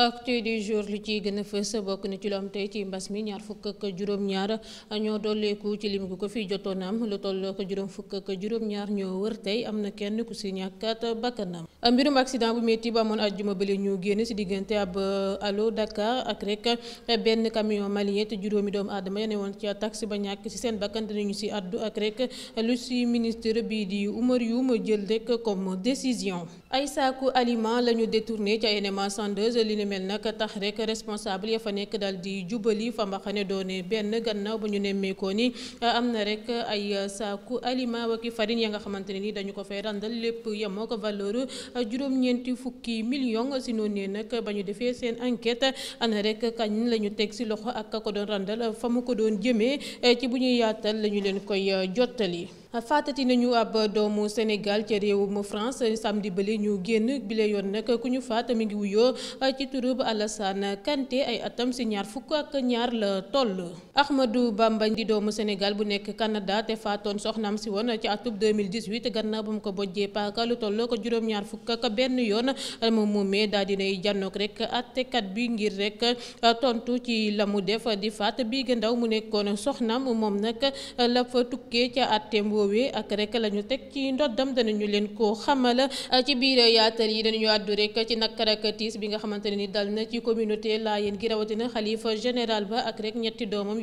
actu du jour lu ciy gën a fës bokk na ci lu am tey ci mbas mi ñaar fukk ak juróom-ñaar ñoo dolleeku ci lim gu ko fi jotoon am lu tolloo ko juróom fukk ak juróom-ñaar ñoo wër tey am na kenn ku si ñàkkat bakkanam mbirum accident bu métti ba amoon àjjuma bële ñu génn si diggante ab allo Dakar ak rek benn camion malien te juróomi doomu aadama ya ne woon ci taxi ba ñàkk si seen bakkan dinañu si addu ak rek lu si ministre bii di Oumar Youm jël rek comme décision ay saaku ni mel nag tax rek responsable ya fa nekk daal di jubali fa mbaxane doone benn gannaaw ba ñu nemmeekoo ni eh, am na rek ay saaku aliment waki farine ya nga xamante ne ni dañu ko fee randal lépp yemoo ko valeur juróom-ñeenti fukki million si noon noonu nag ba ñu defee seen enquête ana rek kañ lañu teg si loxo ak ka ko doon randal fa mu ko doon jëmee eh, ci bu ñuy yaatal la leen koy jottali. faatati nañu ab doomu Sénégal ca réewum France samedi bële ñu génn bile yoon nag ku ñu faat mi ngi wuyoo ci turub Alassane Kanté ay atam si ñaar fukk ak ñaar la toll. Ahmadou Bamba di doomu Sénégal bu nekk Canada te faatoon soxnaam si woon ci atub 2018 gannaaw ba mu ko bojjee paaka lu toll ko juróom-ñaar fukk ak benn yoon moom moomee daa dinay jànnoog rek attekat bi ngir rek tontu ci la mu def di faat bi gëndaw mu nekkoon soxnaam moom nag la fa tukkee woowee ak rek la ñu teg ci ndoddam danañu leen koo xamal ah, ci biir yaatal yi dañu àddu rek ci nakkar ak tiis bi nga xamante ne ni dal na ci communauté Layeen gi rawatina xalifa général ba ak rek ñetti doomam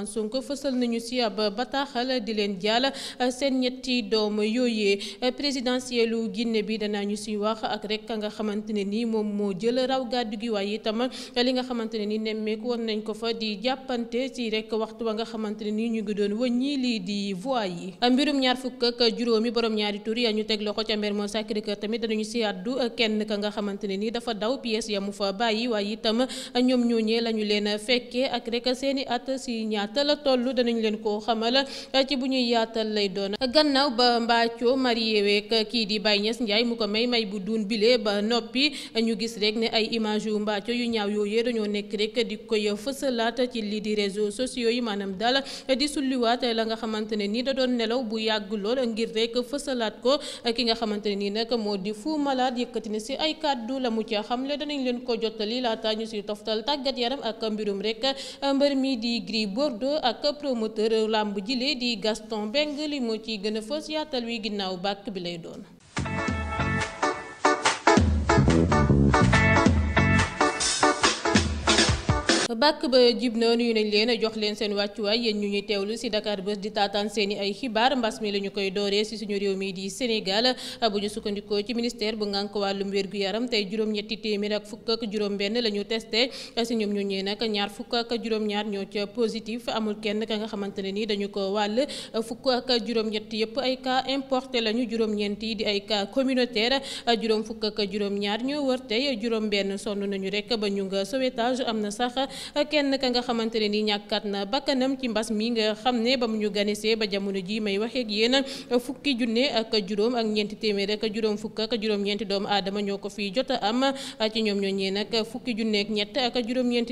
ah, fësal nañu si ab bataaxal di leen jàll ah, seen ñetti doom yooyee présidentielu Guinée bi danañu si wax ak rek ka nga xamante ne ni moom moo jël raw gàddu gi waaye itam li nga xamante ni nemmeeku woon nañ ko fa di jàppante ci rek fekk waxtu wa nga xamante ne nii ñu ngi doon wëññi lii di voix yi mbirum ñaar fukk ak juróomi borom ñaari tur ya ñu teg loxo ca Mermoz Sacré-Cœur tamit dañu si àddu kenn ne nii dafa daw pièce ya mu fa bàyyi waaye itam ñoom ñooñee la ñu leen fekkee ak rek seeni at si ñaata la toll danañ leen koo xamal ci bu ñuy yaatal lay doon gannaaw ba Mbathio marié week kii di bay Niass njaay mu ko may may bu duun bile ba noppi ñu gis rek ne ay image yu Mbathio yu ñaaw yooyee dañoo nekk rek di koy fësalaat ci lii di réseaux yooyu maanaam daal di sulliwaat la nga xamante ne nii da doon nelaw bu yàgg lool ngir rek fësalaat ko ki nga xamante ne nii nag moo di fu Malade yëkkati na si ay kàddu la mu ci xamle danañ leen ko jottali laata ñu si toftal tàggat yaram ak mbirum rek mbër mi di Gris Bordeaux ak promoteur làmb jile di Gaston Mbengue li moo ciy gën a fës yaatal wi ginnaaw bàkk bi lay doon. bàkk ba jib na nuyu nañ leen jox leen seen wàccuwaay yéen ñu ñuy lu si Dakar Buzz di taataan seen i ay xibaar mbas mi la ñu koy dooree si suñu réew mi di Sénégal bu ñu sukkandikoo ci ministère bu ngànk wàllum wér gu yaram tey juróom-ñetti téeméer ak fukk ak juróom-benn la ñu testé si ñoom ñoo ñee nag ñaar fukk ak ñaar ñoo ca positif amul kenn ka nga xamante ne ni dañu ko wàll fukk ak juróom-ñett yëpp ay cas importé lañu juróom-ñeent yi di ay cas communautaire juróom fukk ak juróom-ñaar ñoo wër tey juróom-benn sonn nañu rekk ba ñu nga sauvetage am na kenn ka nga xamante ne ni ñàkkat na bakkanam ci mbas mi nga xam ne ba mu ñu ganisee ba jamono ji may waxee ak yéen fukki junne ak juróom ak ñeenti téeméer ak juróom fukk ak juróom doomu aadama ñoo ko fi jot a am ñoo ñee nag fukki junne ak ñett ak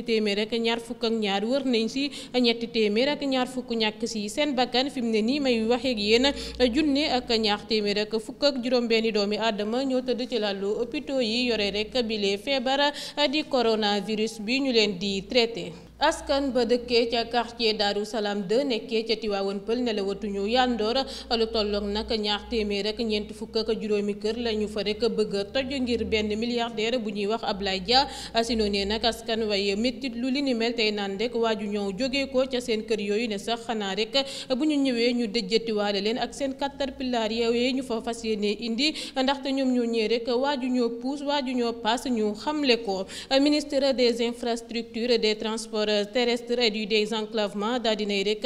téeméer ak ñaar fukk ak ñaar wër nañ si ñetti téeméer ak ñaar fukk ñàkk si seen bakkan fi mu ne nii may waxee ak yéen junne ak ñaar téeméer ak fukk ak juróom-benni doomi aadama ñoo tëdd ci laalu hôpitaux yi yore rek bi feebar feebar di coronavirus bi ñu leen di traité askan ba dëkkee ca quartier Darou de 2 nekkee ca Tivaouane Pël ne la watuñu yàndoor lu tolloog naka ñaar téeméer rek ñeent fukk ak juróomi kër la ñu fa rek bëgg a toj ngir benn milliardaire bu ñuy wax Ablaye Dia si noonee nag askan waaye méttit lu li tey naan rek waaju ñëw jógee ko ca seen kër yooyu ne sax xanaa rek bu ñu ñëwee ñu dëjjati waale leen ak seen caterpillar yooyu ñu fa fas yéenee indi ndaxte ñoom ñoo ñëwee rek waaju ñoo puus waaju ñoo paas ñu xamle ko ministre des infrastructures des transports Euh, terrestre et du désenclavement daa dinay rek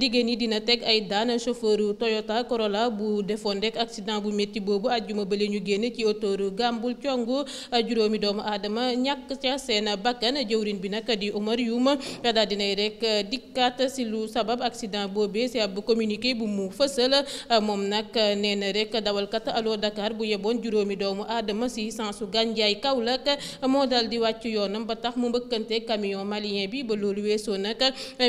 diggéen euh, ñi dina teg ay daan chauffeur Toyota korola bu defoon rek accident bu métti boobu àjjuma ba la ñu génne ci autoroute Gambul Congo euh, juróomi doomu aadama ñàkk ca seen bakkan jëwrin bi nag di Omar Youm daa dinay rek dikkaat si lu sabab accident boobee si ab communiqué bu mu fësal moom nag nee na rek dawalkat Allo Dakar bu yeboon juróomi doomu aadama si sensu Gandiaye Kaolack moo dal wàcc yoonam ba tax mu mbëkkante bi ba loolu weesoo nag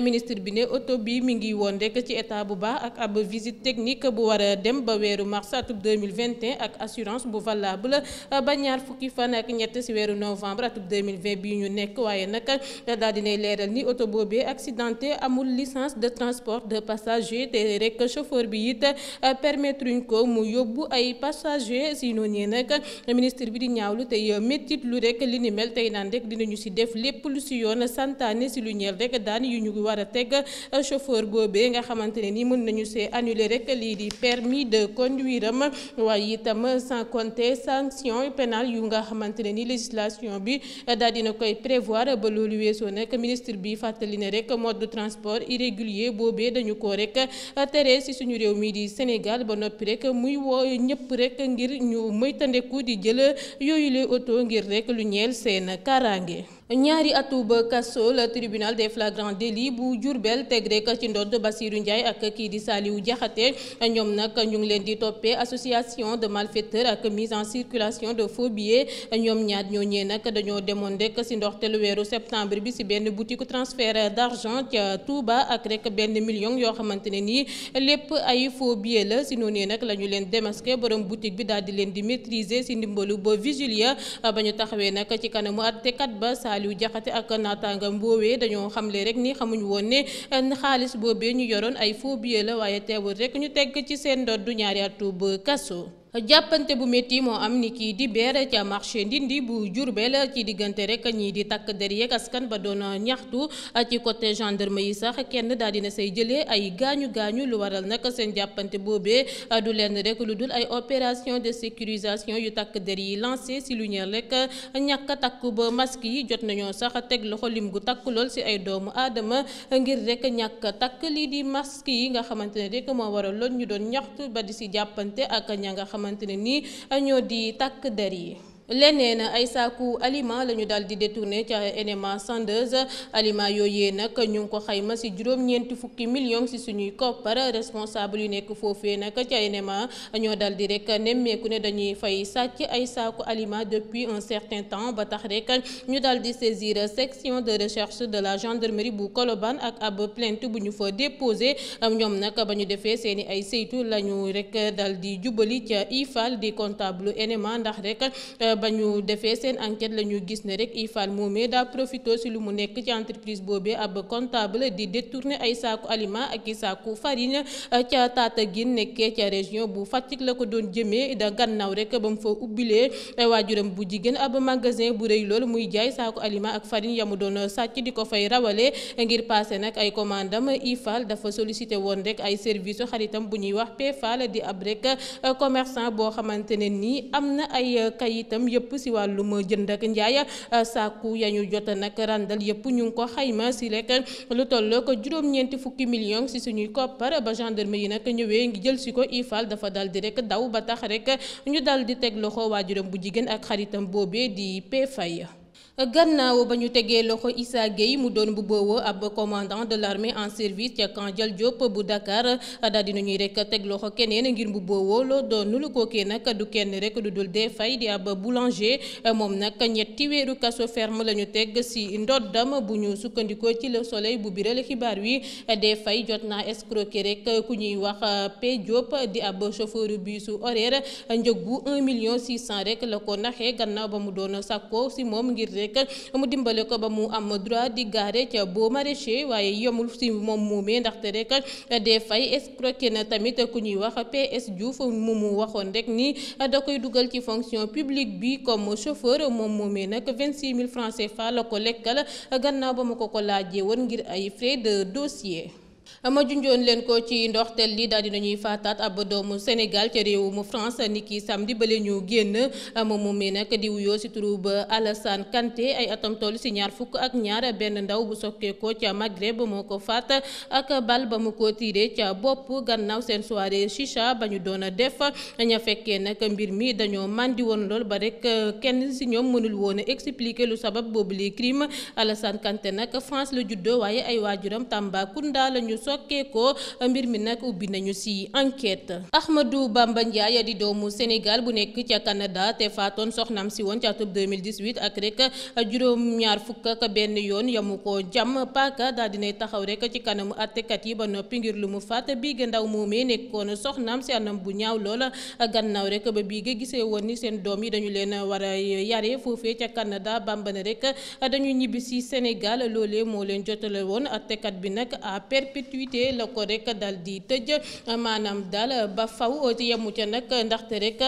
ministre bi ne oto bi mi ngi woon rek ci état bu baax ak ab visite technique bu war a dem ba weeru mars atum 2021 ak assurance bu valable ba ñaar fukki fan ak ñett si weeru novembre atum 2020 bi ñu nekk waaye nag daal dinay leeral ni oto boobee accidenté amul licence de transport de passager te rek chauffeur bi it permettre ñu ko mu yóbbu ay passager si noonu nag ministre bi di ñaawlu tey méttit lu rek li tey naan rek dinañu lu si yoon waxtaane si lu ñeel rek daan yu ñu war a teg euh, chauffeur boobee nga xamante ne ni mën nañu see annuler rek lii di permis de conduire am waaye itam sans compter sanction pénale yu nga xamante ne ni législation bi euh, daal dina koy prévoir ba loolu weesoo nag ministre bi fàttali ne rek mode de transport irrégulier boobe dañu ko rek euh, tere si suñu réew mi di Sénégal ba noppi rek muy woo ñëpp rek ngir ñu moytandeku di jël yooyu lay oto ngir rek lu ñeel seen kaaraange. ñaari atub kaso la tribunal des flagrants délits bu Diourbel teg rek ci ndodd Bassirou Ndiaye ak kii di Saliou Diakhaté ñoom nag ñu ngi leen di toppee association de malfaiteurs ak mise en circulation de faux billets ñoom ñaar ñooñee nag dañoo demoon ndox te ndoxteelu weeru septembre bi si benn boutique transfert d'argent ca Touba ak rek benn million yoo xamante ne nii lépp ay faux la si noonee nag la ñu leen démasqué borom boutique bi daal di leen di maîtriser si ndimbalu ba vigilia ba ñu taxawee nag ci kanamu Saliou Diakhaté ak naataangam boobee dañoo xamle rek ni xamuñu woon ne euh, xaalis boobee ñu yoroon ay faux la waaye teewul rek ñu teg ci seen ndodd ñaari atu ba kaso jàppante bu métti moo am ni kii di beer ca marché ndindi bu Diourbel ci diggante rek ñii di takk der yeeg askan ba doon ñaxtu ci côté gendarme yi sax kenn daal dina say jëlee ay gaañu gaañu lu waral nag seen jàppante boobee du leen rek lu dul ay opération de sécurisation yu takk der yi lancé si lu ñeel rek ñàkk takk ba masque yi jot nañoo sax teg loxo lim gu takk lool si ay doomu aadama ngir rek ñàkk takk lii di masque yi nga xamante ne rek moo waral lool ñu doon ñaxtu ba di si jàppante ak ña nga xam xamante ne nii añoo di takk der yi. leneen ay saaku aliment la ñu daal di détourné ca NMA Sandeuse aliment yooyee nag ñu ngi ko xayma si juróom-ñeenti fukki millions si suñuy koppar responsable yu nekk foofee nag ca NMA ñoo daal di rek nemmeeku ne dañuy fay sàcc ay saaku aliment depuis un certain temps ba tax rek ñu daal di saisir section de recherche de la gendarmerie bu Colobane ak ab plainte bu ñu fa déposé ñoom nag ba ñu defee seen i ay saytu la ñu rek daal di jubali ca IFAL di comptable NMA ndax ba ñu defee seen enquête la ñu gis ne rek Ifal moomee daa profité si lu mu nekk ci entreprise boobee ab comptable di détourner ay saaku aliment ak i saaku farine ca Tataguine nekkee ca région bu Fatick la ko doon jëmee da gannaaw rek ba mu fa ubbilee waajuram bu jigéen ab magasin bu rëy lool muy jaay saaku aliment ak farine yamu doon sàcc di ko fay rawalee ngir passé nag ay commande am Ifal dafa sollicité woon rek ay service xaritam bu ñuy wax Pefal di ab rek yëpp si wàllum jënd ak njaay euh, sàkku yañu jot nag randal yëpp ñu ko xayma si rek lu toll ko juróom-ñeenti fukki million si suñuy koppar ba gendarme yi nag ñëwee ngi jël si ko ifal dafa dal di rek daw ba tax rek ñu dal di teg loxo waajuram bu jigéen ak xaritam boobee di pee gannaaw ba ñu tegee loxo Issa Gueye mu doon bu booboo ab commandant de l'armée en service ca camp Dial bu Dakar daal dina ñuy rek teg loxo keneen ngir bu booboo loo doonul kookee nag du kenn rek du dul dee fay di ab boulanger moom nag ñetti weeru kaso ferme la ñu teg si ndoddam bu ñu sukkandikoo ci la soleil bu biral xibaar wi dee fay jot naa escroquer rek ku ñuy wax P Diop di ab chauffeur busu horaire njëg million 600 la ko naxee gannaaw rek mu dimbalee ko ba mu am droit di gaare ca boo maraîcher waaye yomul ci moom muumee ndaxte rek des fay escroqué na tamit ku ñuy wax PS Diouf mu mu waxoon rek nii da koy dugal ci fonction publique bi comme chauffeur moom moomee nag 26 000 francs CFA la ko lekkal gannaaw ba ma ko ko laajee woon ngir ay frais de dossier. ma junjoon leen ko ci ndoxteel li daal dinañuy faataat ab doomu Sénégal ca réew mu France ni ki sam di la ñu génn moom mu mi nag di wuyoo si turu ba Alassane Kanté ay atam toll si ñaar fukk ak ñaar benn ndaw bu sokkeekoo ca Maghreb moo ko faat ak bal ba mu ko tiiree ca bopp gannaaw seen soirée chicha ba ñu doon def ña fekkee nag mbir mi dañoo màndi woon lool ba rek kenn si ñoom mënul woon expliquer lu sabab boobu li crime Alassane Kanté nag France la juddoo waaye ay waajuram Tambacounda sokkeekoo mbir mi nag ubbi nañu ci enquête Ahmadou Bamba Ndiaye di doomu Sénégal bu nekk ca Canada te faatoon soxnaam si woon ca atub 2018 ak rek juróom-ñaar fukk ak benn yoon yamu ko jam paaka daal dinay taxaw rek ci kanamu attekat yi ba noppi ngir lu mu faat biige ndaw moomee nekkoon soxnaam si anam bu ñaaw loola gannaaw rek ba biige gisee woon ni seen doom yi dañu leen war a yare foofee ca Canada Bamba ne rek dañu ñibbi si Sénégal loolee moo leen jotale woon attekat bi nag à perpétuité gratuité la ko rek dal di tëj maanaam daal ba faw ci yemu ca nag ndaxte rek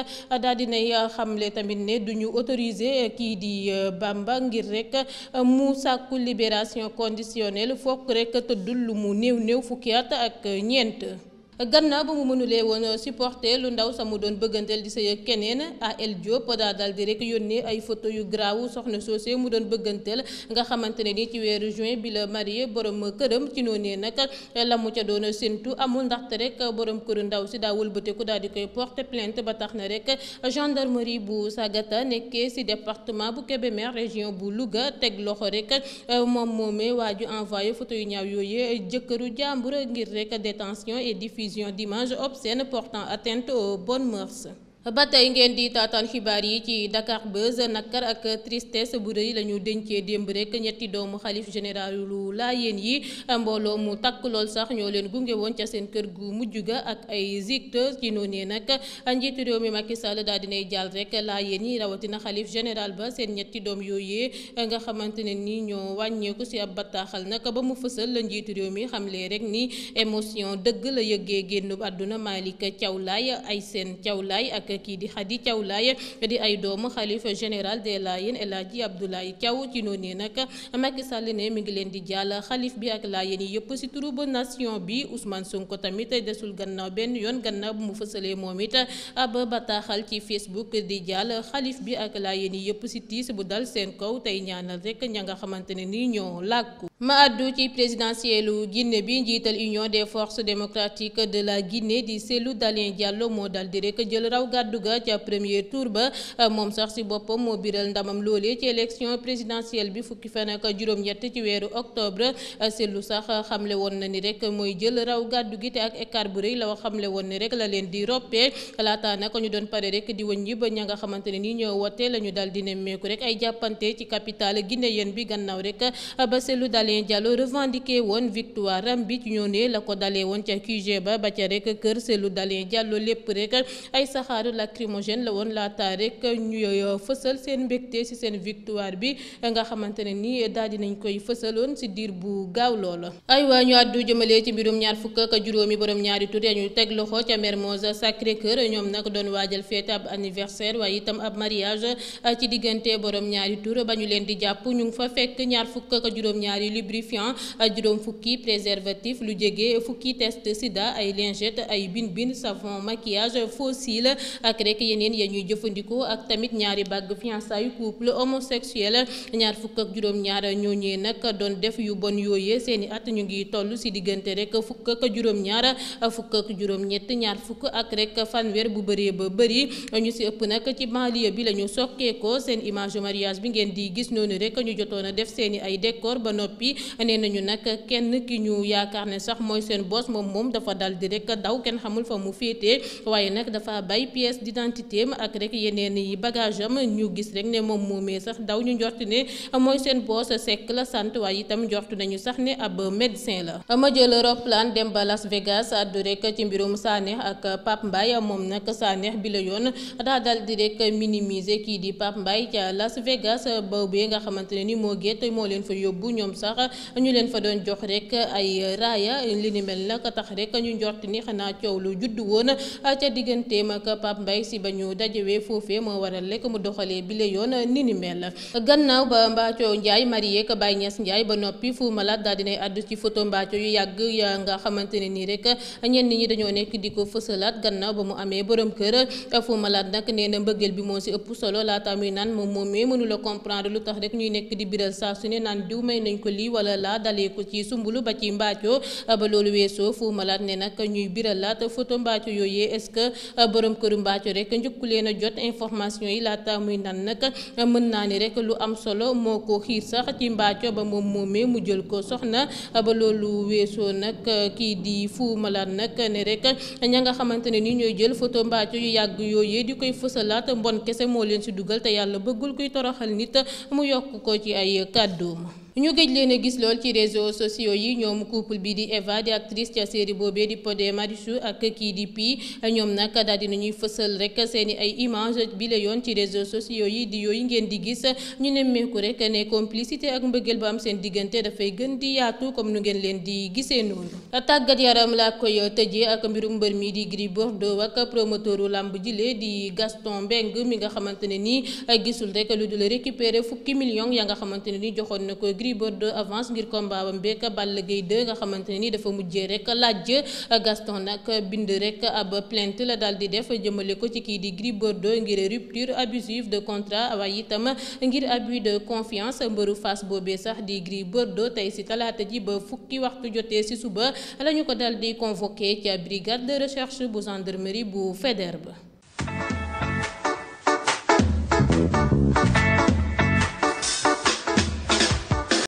daal dinay xamle tamit ne du ñu autoriser kii di euh, Bamba ngir rek mu sàkku libération conditionnelle fokk rek tëddul lu mu néew néew fukki at ak ñeent gannaaw ba mu mënulee woon supporter lu ndaw sa mu doon bëgganteel di sëy ak keneen ah El Diop daa daal di rek yónnee ay photo yu graaw soxna soosé mu doon bëgganteel nga xamante ne ni ci weeru juin bi la marié borom këram ci noonee nag la mu ca doon séntu amul ndaxte rek borom këru ndaw si daa wëlbateeku daal di koy porter plainte ba tax na rek gendarmerie bu Sagata nekkee si departement bu Kébémer région bu Louga teg loxo rek moom moomee waa ju envoyé photo yu ñaaw yooyu diffusion d'images obscènes portant atteinte aux bonnes mœurs. ba tey ngeen di taataan xibaar yi ci Dakar Buzz nakar ak tristesse bu rëy la ñu dencee démb rekk ñetti doomu xalif généralu Laayeen yi mbooloo mu takk lool sax ñoo leen gunge woon ca seen kër gu mujj ga ak ay zigte ci noonee nag njiitu réew mi Macky Sall daal dinay jàll rek Laayeen yi rawatina xalif général ba seen ñetti doom yooyee nga xamante ne ni ñoo wàññeeku si ab bataaxal nag ba mu fësal la njiitu réew mi xam xamle rek ni émotion dëgg la yëggee génn àdduna Malick Thiaw ay seen Thiaw ak. kii di Khady Thiaw Laye di ay doomu xalifa général des Layènes El Hadji Abdoulaye Thiaw ci noonu nag Macky Sall ne mi ngi leen di jàll xalifa bi ak Layène yi yëpp si turu ba nation bi Ousmane Sonko tamit desul gannaaw benn yoon gannaaw bu mu fësalee moom it ab bataaxal ci Facebook di jàll xalif bi ak Layène yi yëpp si tiis bu dal seen kaw tey ñaanal rekk ña nga xamante ne nii ñoo làkku ma àddu ci présidentielu Guinée bi njiital union des forces démocratiques de la Guinée di Cellou Dalein Diallo moo dal di rek jël raw gàddu ga ca premier tour ba moom sax si boppam moo biral ndamam loole ci élection présidentielle bi fukki fan ak juróom-ñett ci weeru octobre Cellou sax xamle woon na ni rek mooy jël raw gàddu gi te ak écart bu rëy la wax xamle woon ni rek la leen di roppee laata nag ñu doon pare rek di wëñ wëññi ba ña nga xamante ne nii ñoo wote la ñu dal di nemmeeku rek ay jàppante ci capitale guinéenne bi gannaaw rek Alain Diallo revendiqué woon victoire am bi la ko dalee woon ca QG ba ba ca rek kër Cellou Dalein Diallo lépp rek ay saxaaru lacrymogène la woon laata rek ñu fësal seen mbégte ci seen victoire bi nga xamante ne ni daal dinañ koy fësaloon ci diir bu gaaw loola. aywa ñu àddu jëmale ci mbirum ñaar fukk ak juróomi borom ñaari tur ñu teg loxo ca Mermoz Sacré-Cœur ñoom nag doon waajal fête ab anniversaire waaye itam ab mariage ci diggante borom lubrifiant euh, juróom fukki préservatif lu jege fukki test sida ay lingette ay bin bin savon maquillage faux cils ak rek yeneen ya ñuy jëfandikoo ak tamit ñaari bàgg fiançailles couple homosexuel ñaar fukk ak juróom ñaar ñooñee nag doon def yu bon yooyee seeni at ñu ngi toll ci diggante rek fukk ak juróom ñaar fukk ak juróom ñett ñaar fukk ak rek fanweer bu bëree ba bëri ñu ci ëpp nag ci banlieue bi la ñu seen image mariage bi ngeen di gis noonu rek ñu jotoon def seeni ay décor ba noppi yi nee nañu nag kenn ki ñu yaakaar ne sax mooy seen boss moom moom dafa dal di rek daw kenn xamul fa mu féetee waaye nag dafa bay pièce d'identité am ak rek yeneen yi bagage am ñu gis ne moom moomee sax mooy seen boss sekk la sant waaye itam njort nañu sax ne ab médecin la ma jël roplaan dem ba Las Vegas àddu rek ci mbirum Sanekh ak Pape Mbaye moom nag Sanekh bi la yoon daa dal di rek minimiser kii di Pape Mbaye ca Las Vegas boobee nga xamante ne ni moo gétt moo sax ñu leen doon jox rek ay raaya li ni mel nag tax rek ñu njort ni xanaa coow lu judd woon ca digganteem ak Pape Mbaye si ba ñu dajewee foofee moo waral rek mu doxalee bile yoon ni ni mel gannaaw ba Mbathio Ndiaye marié ak Baye Niass Ndiaye ba noppi Fou Malade daal dinay àddu ci photo Mbathio yu yàgg ya nga xamante ne nii rek ñenn ñi dañoo nekk di ko fësalaat gannaaw ba mu amee borom kër Fou Malade nag nee na mbëggeel bi moo si ëpp solo laata muy naan moom moom mënu la comprendre lu tax rek ñuy nekk di biral saa su ne naan diw may nañ ko li wala laa dalee ko ci sumbulu ba ci mbaaco ba loolu weesoo fu malaat ne nag ñuy laata photo mbaaco yooyee est-ce que borom këru mbaaco rek njëkku leen a jot information yi laata muy nan nag mën naa ni rek lu am solo moo ko xiir sax ci mbaaco ba moom moomee mu jël ko soxna ba loolu weesoo nag kii di fu malaat nag ne rek ña nga xamante ne ni ñooy jël photo mbaaco yu yàgg yooyee di koy fësalaat mbon kese moo leen si dugal te yàlla bëggul kuy toroxal nit mu yokk ko ci ay kàdduum ñu gëj leen gis lool ci réseaux sociaux yi ñoom couple bi di Eva di actrice ca série boobee di Pod Marichou ak kii di Pi ñoom nag daal di nañuy fësal rek seeni ay image bi la yoon ci réseaux sociaux yi di yooyu ngeen di gis ñu nemmeeku rek ne complicité ak mbëggeel bu am seen diggante dafay gën di yaatu comme nu ngeen leen di gisee noonu. tàggat yaram laa koy tëjee ak mbirum mbër mi di Gris Bordeaux ak promoteuru làmb jile di Gaston Mbengue mi nga xamante ne nii gisul rek lu dul fukki millions ya nga xamante ne nii joxoon na ko. Gris Bordeaux avance ngir combat bam beeg Balla Gaye 2 nga xamante ne ni dafa mujjee rek laaj Gaston nag bind rek ab plainte la daal di def jëmale ko ci kii di Gris Bordeaux ngir rupture abusive de contrat waaye itam ngir abus de confiance mbëru Fass boobe sax di Gris Bordeaux tey si talaata ji ba fukki waxtu jotee si suba la ko daal di convoqué ca brigade de recherche bu gendarmerie bu Faidherbe